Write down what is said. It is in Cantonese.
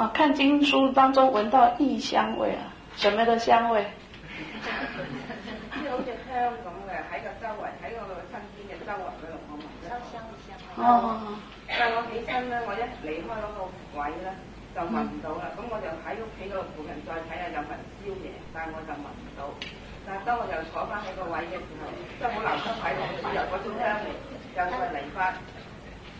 啊！看經書當中聞到異香味啊，什麼的香味？好 似香咁嘅喺個周圍，喺個春天嘅周圍嗰度我聞到。香香。哦！但係我起身咧，我一離開嗰個位咧，就聞唔到啦。咁、嗯、我就喺屋企度，附近再睇下，有冇人燒嘢，但係我就聞唔到。但係當我又坐翻喺個位嘅時候，即係我留心睇到入嗰種香味又會嚟翻。